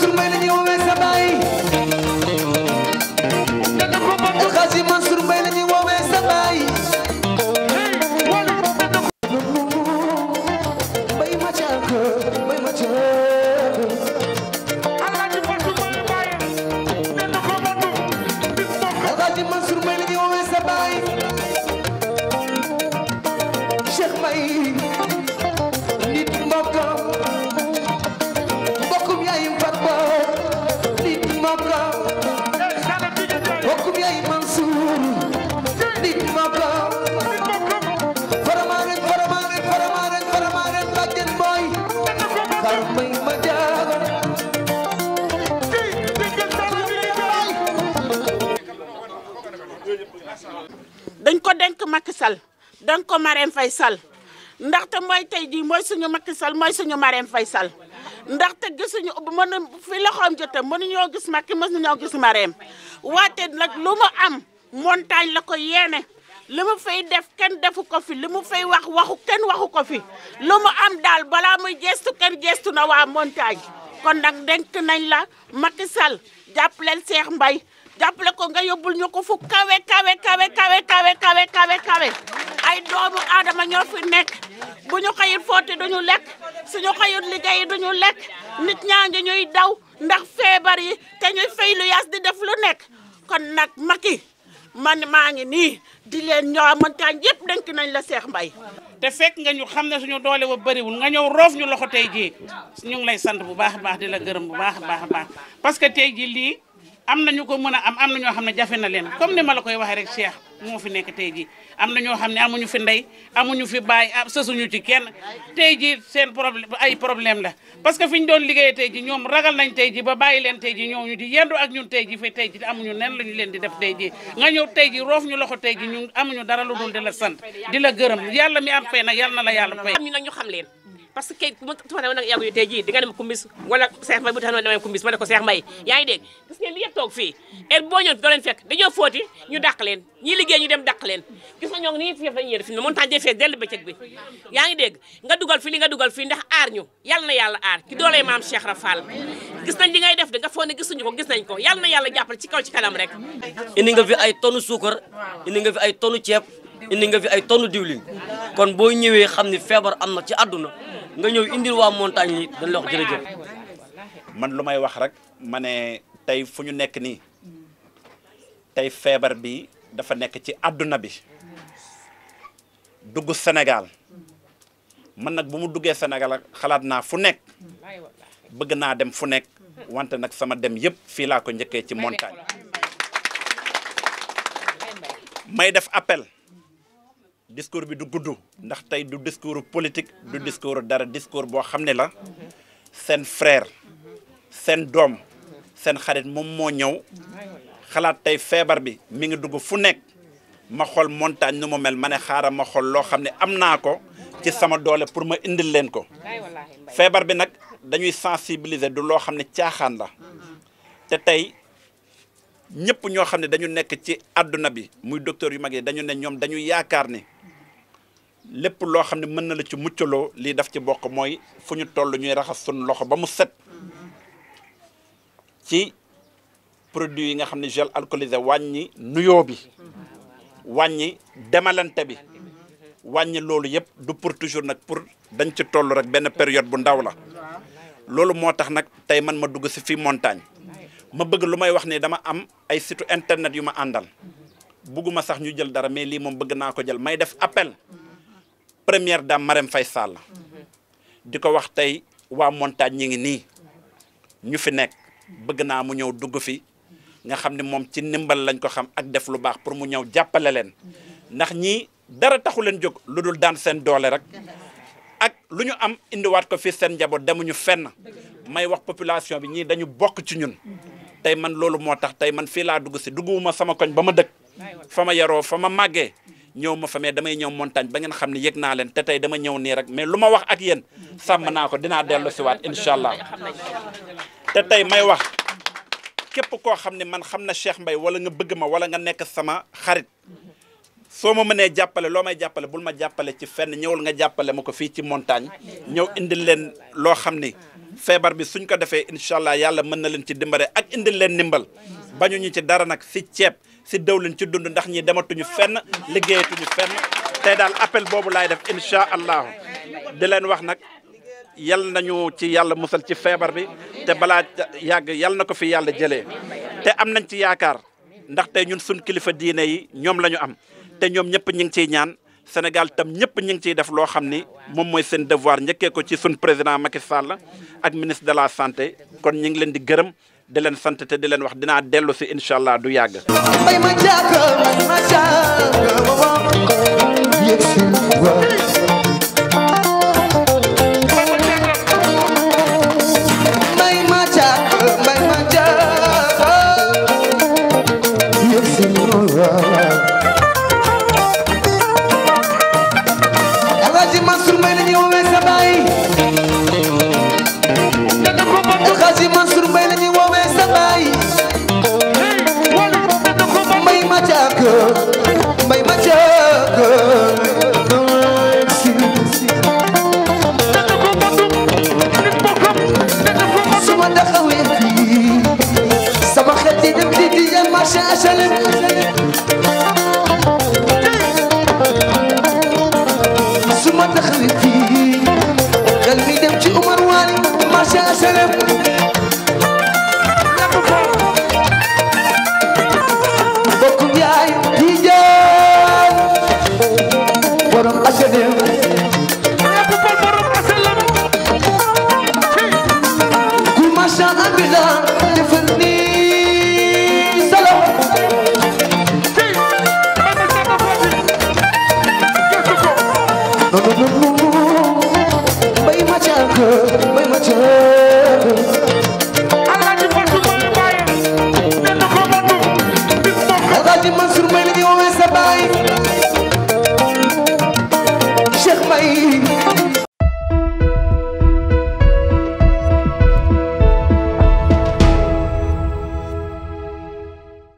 Sumbay na niyo umesa bay dañ ko denk Macky Sall denk ko Marème Faye Sall ndaxte mooy tey jii mooy suñu Macky Sall mooy suñu Marème Faye Sall ndaxte gisuñu mënu fi loxoom jotee mënuñoo gis Macky mënuñoo gis Marème waate nag lu mu am montagne la ko yéene li mu fay def kenn defu ko fi li mu fay wax waxu kenn waxu ko fi lu mu am daal balaa muy gestu kenn gestu na waa montagne kon nag denk nañ la Macky Sall jàppaleel Cheikh Mbaye jàppale ko nga yóbbul ñu ko fu kawe kawe kawe kawe kawe kawe kawe kawe ay doomu aadama ñoo nekk bu ñu xëyul fóote duñu lekk suñu xëyul liggéeyi duñu lekk nit ñaa ngi ñuy daw ndax feebar yi te ñuy fay lu yaas di def lu nekk kon nag Macky man maa ngi nii di leen ñoo mëntaan yëpp dénk nañ la seex mbay te fekk nga ñu xam ne suñu doole wa bëriwul nga ñëw roof ñu loxo tey jii ñu ngi lay sant bu baax baax di la gërëm bu baax am na ñu ko mën a am am na ñoo xam ne jafe na leen comme ni ma la koy waxee rek Cheikh moo fi nekk tey jii am na ñoo xam ne amuñu fi ndey amuñu fi baay ah, sësuñu ci kenn tey jii seen problème ay problème la parce que fi ñu doon liggéeyee tey jii ñoom ragal nañ tey jii ba bàyyi leen tey jii ñoo ñu di yendu ak ñun tey jii fi tey jii amuñu nen la ñu leen di def tey jii nga ñëw tey jii roof ñu loxo tey jii ñu amuñu dara lu dul di la sant di la gërëm yàlla mi am fay nag yàlla na la yàlla fay ñu nag ñu xam leen parce que kay bu ma taxaw ne nag yàggu yi tey jii di nga dem Kumbis wala Cheikh Mbaye bu leen fekk dañoo ñu dàq leen ñii liggéey ñu dem dàq nga ñoo ngi nii fief dañuy fi montagne dee fees dell bëccëg bi yaa ngi dégg nga dugal fi li nga dugal nañ li ngay def de nga foog ne gisuñu ko gis nañ ko yàlla na yàlla jàppale ci kaw ci kanam rek indi nga fi ay tonu suukar indi nga fi ay tonu ceeb indi nga fi ay tonu diwlin kon boy ñewé xamni fièvre amna ci aduna nga ñew indil wa montagne ni dañ la wax jërëjëf man lumay may wax rek mané tay fuñu fu ñu nekk nii bi dafa nekk ci aduna bi duggu Sénégal man nak bu mu duggee Sénégal xalaat naa fu nekk bëgg na dem fu nekk wante nak sama dem yépp fi la ko ñëkke ci montagne may def appel discours bi du gudd ndax tey du discours politique du discours dara discours boo xam ne la seen frère seen doom seen xarit moom moo ñëw xalaat tey feebar bi mi ngi dugg fu nekk ma xool montagne nu mu mel ma ne xaaral ma xool loo xam ne am naa ko ci sama doole pour ma indil leen ko feebar bi nag dañuy sensibiliser du loo xam ne caaxaan la te tey ñëpp ñoo xam ne dañu nekk ci àdduna bi muy docteur yu mag yi dañu ne ñoom dañu yaakaar ni lépp loo xam ne mën na la ci muccaloo lii daf ci bokk mooy fu ñu toll ñuy raxas suñu loxo ba mu set ci produit yi nga xam ne gel alcoolisé wàññi nuyoo bi wàññi demalante bi wàññi loolu yëpp du pour toujours nag pour dañ ci toll rek benn période bu ndaw la loolu moo tax nag tey man ma dugg si fii montagne ma bëgg lu may wax ne dama am ay site internet yu ma àndal bugguma sax ñu jël dara mais lii moom bëgg naa ko jël may def appel première dame Marème Faye Sall di ko wax tey waa montagne ñi ngi nii ñu fi nekk bëgg naa mu ñëw dugg fi nga xam ne moom ci ndimbal lañ ko xam ak def lu baax pour mu ñëw jàppale leen ndax ñii dara taxu leen jóg lu dul daan seen doole rek ak luñu am am wat ko fii seen njaboot demuñu fenn may wax population bi ñi dañu bok ci ñun tay man lolu motax tay man fi la dugg si dugguma sama koñ bama dekk fama yaro fama magge ñew ma famé damay ñew montagne ba ngeen xamni ne yëg naa leen dama ñew ni rek mais luma wax ak yeen sam na ko dina delu ci wat inshallah té tay may wax képp ko xamni man xamna na Cheikh mbay wala nga bëgg ma wala nga nekk sama xarit soo ma mënee jàppale loo may jàppale bul ma jàppale ci fenn ñëwul nga jàppale ma ko fii ci montagne ñëw indil leen loo xam ni feebar bi suñ ko defee incha allah yàlla mën na leen ci dimbale ak indil leen ndimbal bañu ñu ci dara nag si ceeb si dëwlin ci dund ndax ñi dematuñu fenn liggéey tuñu fenn tey daal appel boobu laay def incha allahu di leen wax nag yal nañu ci yàlla musal ci feebar bi te balaa yàgg yal na ko fi yàlla jëlee te am nañ ci yaakaar ndax ñun suñ kilifa diine yi ñoom la ñu am te ñoom ñëpp ñu ngi ciy ñaan Sénégal tam ñëpp ñu ngi ciy def loo xam ni moom mooy seen devoir njëkkee ko ci sun président Macky Sall ak ministre de la santé kon ñu ngi leen di gërëm di leen sant te di leen wax dinaa dellu si incha allah du yàgg. برم أقدم كل ما شاء أقدر تفرني سلام بي ما جاك بي ما جاك Alhaji Mansur Meli di Owesa Bay away.